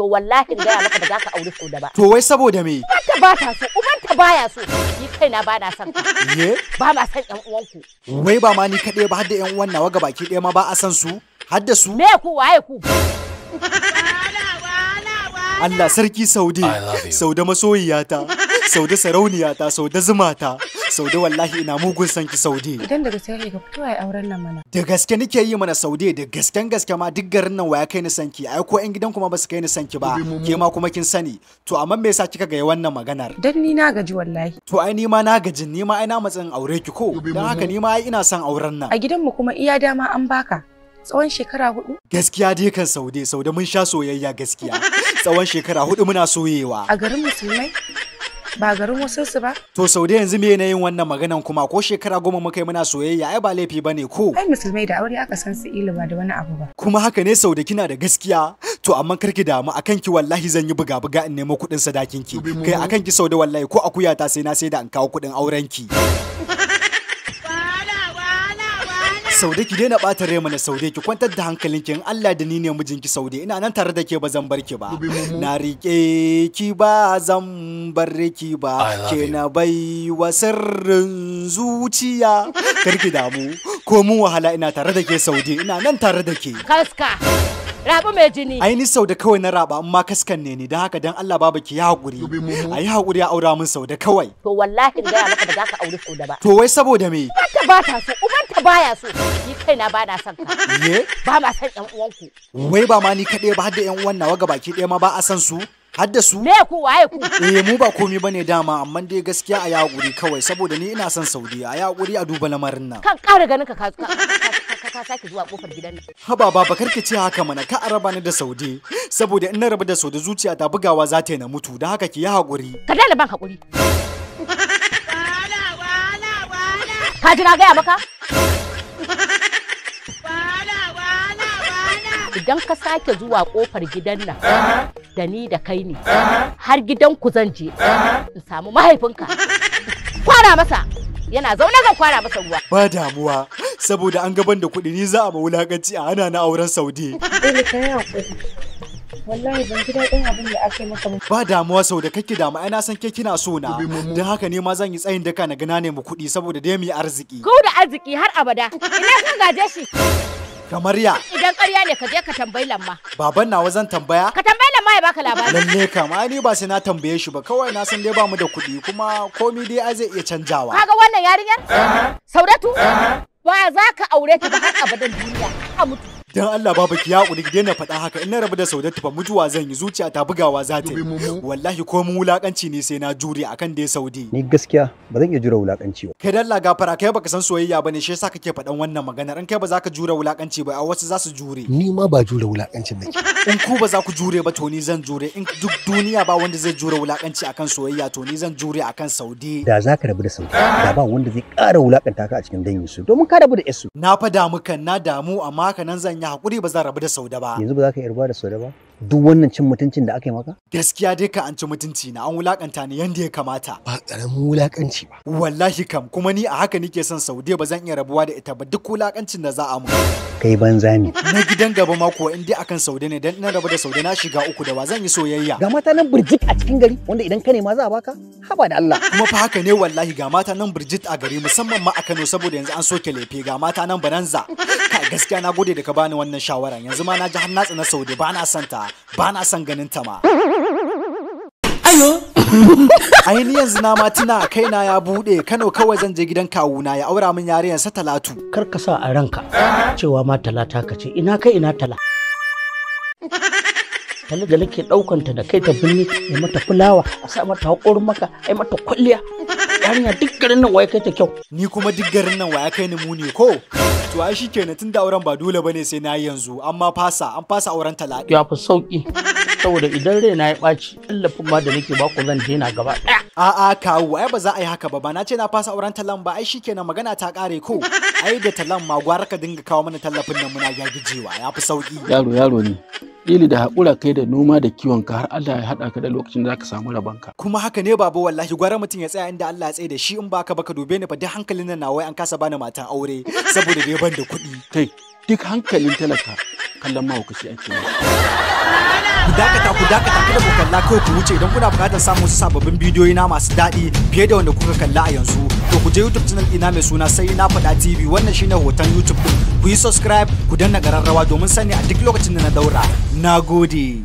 to wallahi in gaya maka ba za ka auri so da ba. To wai saboda me? Ubanta ba ta so, ubanta baya so. Ni kaina ba na son ka. Ye? Ba ma son ƴan uwanku. Wai ba ma ni kaɗai ba har da ƴan uwan nawa ga baki ɗaya ma ba a san su, har da su. Me ku waye ku? Allah sarki Saude, Saude masoyiyata, Saude sarauniyata, Saude zumata. Saude wallahi ina mugun san ki Saude. Idan da gaske ka fito ai auren nan mana. Da gaske nake yi mana Saude da gasken gaske ma duk garin nan waya kai ni san ki ai ko ƴan gidan kuma ba su kai ni san ki ba ke ma kuma kin sani to amma me yasa kika ga wannan maganar? Dan ni na gaji wallahi. To ai ni ma na gaji ni ma ai na matsin aure ki ko dan haka ni ma ai ina son auren nan. A mu kuma iya dama an baka. tsawon shekara hudu? Gaskiya dai kan saude saude mun sha soyayya gaskiya. Tsawon shekara hudu muna soyewa. A garin musulmai? ba garin wasu su ba. To sau da yanzu me yin wannan maganan kuma ko shekara goma muka yi muna soyayya ai ba laifi ba ne ko. Ai musulmai da aure aka san su ilu ba da wani abu ba. Kuma haka ne sau da kina da gaskiya to amma kar ki damu akan ki wallahi zan yi buga buga in nemo kuɗin sadakin ki kai akan ki sau da wallahi ko akuya ta sai na sai da an kawo kuɗin auren ki. saude ki daina bata rai mana saude ki kwantar da hankalinki in Allah da ni ne mijinki saude ina nan tare da ke ba zan bar ki ba na rike ki ba zan bar ki ba ke na bai wa sirrin zuciya karki damu ko mun wahala ina tare da ke saude ina nan tare da ke kaska rabu mai jini. Ai ni sau da kawai na raba amma kaskan ne ni don haka dan Allah baba ki ya hakuri. Ai hakuri ya aura min sau da kawai. To wallahi ga maka ba za ka aure sau da ba. To wai saboda me? Ubanta ba ta so, ubanta baya so. Ni kaina ba na son ka. Me? Ba ma son ƴan uwanku. Wai ba ma ni kaɗai ba har da ƴan uwan nawa gabaki ɗaya ma ba a san su. hadda su me ku waye ku eh mu ba komi bane dama amma dai gaskiya a haƙuri kawai saboda ni ina son Saudiya a haƙuri a duba lamarin nan kan ƙara ganin ka ka ka sake zuwa kofar gidan nan haba baba karki ce haka mana ka araba ni da saude saboda in na rabu da saude zuciya ta bugawa za ta yi na mutu da haka ki yi haƙuri ka dala ban haƙuri ka ji na gaya maka idan ka sake zuwa kofar gidan nan da ni da kai ne har gidan ku zan je in samu mahaifinka kwara masa yana zaune zan kwara masa ruwa ba damuwa saboda an gaban da kuɗi ni za a ba wulakanci a hana na auren saudi wallahi ban ji daɗin abin da aka yi maka ba damuwa sau da kake damu ai na san ke kina so na don haka ne ma zan yi tsayin daka na gana ne mu kuɗi saboda dai mu yi arziki ko da arziki har abada ina kun gaje shi Kamar ya. Idan ƙarya ne ka je ka tambayi lamma. Baban na zan tambaya? Ka tambayi lamma ya baka labari. Lalle kam ni ba sai na tambaye shi ba kawai na san dai ba mu da kuɗi kuma komi dai ai zai iya canjawa. Kaga wannan yarinyar? Saudatu? Ba za ka aure ta ba har abadan duniya. A mutu. dan Allah baba ki yaƙuri ki daina faɗa haka in na rabu da saudatu fa mutuwa zan yi zuciya ta bugawa za ta yi wallahi ko mu wulakanci ne sai na jure akan dai saudi ni gaskiya ba zan iya jure wulakanci ba kai dalla gafara kai baka san soyayya bane shi yasa kake faɗan wannan maganar in kai ba za ka jure wulakanci ba a wasu za su jure ni ma ba jure wulakancin nake in ku ba za ku jure ba to ni zan jure in duk duniya ba wanda zai jure wulakanci akan soyayya to ni zan jure akan saudi da za ka rabu da saudi da ba wanda zai ƙara wulakanta ka a cikin dangin su domin ka rabu da yasu na fada muka na damu amma kanan zan sanya hakuri ba zan rabu da sauda ba yanzu ba za ka yarba da sauda ba duk wannan cin mutuncin da aka yi maka gaskiya dai ka an ci mutunci na an wulakanta ni yanda ya kamata ba karamin wulakanci ba wallahi kam kuma ni a haka nake son saude ba zan iya rabuwa da ita ba duk wulakancin da za a mu kai banza ne na gidan gaba ma kuwa in dai akan saude ne dan ina rabu da saude na shiga uku da wa zan yi soyayya ga mata nan burjik a cikin gari wanda idan ka ne ma za a baka haba da Allah kuma fa haka ne wallahi ga mata nan Bridget a gari musamman ma a Kano saboda yanzu an soke lefe ga mata nan Bananza kai gaskiya na gode da ka bani wannan shawara yanzu ma na ji har na Saudi ba na son ba na san ganin ta ma ayo ainihin yanzu na ma tuna kaina ya buɗe Kano kawai zan je gidan kawuna ya aura min yarinyar sa Talatu kar ka sa a ranka cewa ma Talata ka ce ina kai ina Talata talagala ke ɗaukanta da kai ta birni ya mata fulawa a sa mata haƙorin maka ai mata kwalliya yarinya duk garin nan waye kai ta kyau ni kuma duk garin nan waye kai ni muni ko to ai shikenan tun da auren ba dole bane sai na yanzu amma fasa an fasa auren talaka ya fi sauki saboda idan na ya ɓaci tallafin ma da nake baku zan daina gaba ɗaya. A'a kawu ai ba za a yi haka ba ba na ce na fasa auren talan ba ai shikenan magana ta ƙare ko ai da talan ma gwara ka dinga kawo mana tallafin nan muna yagijewa ya fi sauki. Yaro yaro ne ƙili da haƙura kai da noma da kiwon ka har Allah ya haɗa ka da lokacin da zaka samu ka. Kuma haka ne baba wallahi gwara mutum ya tsaya inda Allah ya tsaye da shi in ba ba baka dube ni fa duk hankalin nan na wai an kasa bani matan aure saboda dai ban da kuɗi. Kai duk hankalin talaka kallon mahaukaci ake yi ku dakata ku dakata kada ku kalla kawai ku wuce idan kuna buƙatar samun wasu sababbin bidiyoyi na masu daɗi fiye da wanda kuka kalla a yanzu to ku je youtube channel ina mai suna sai na faɗa tv wannan shine hoton youtube ku yi subscribe ku danna ƙararrawa domin sani a duk lokacin da na daura na gode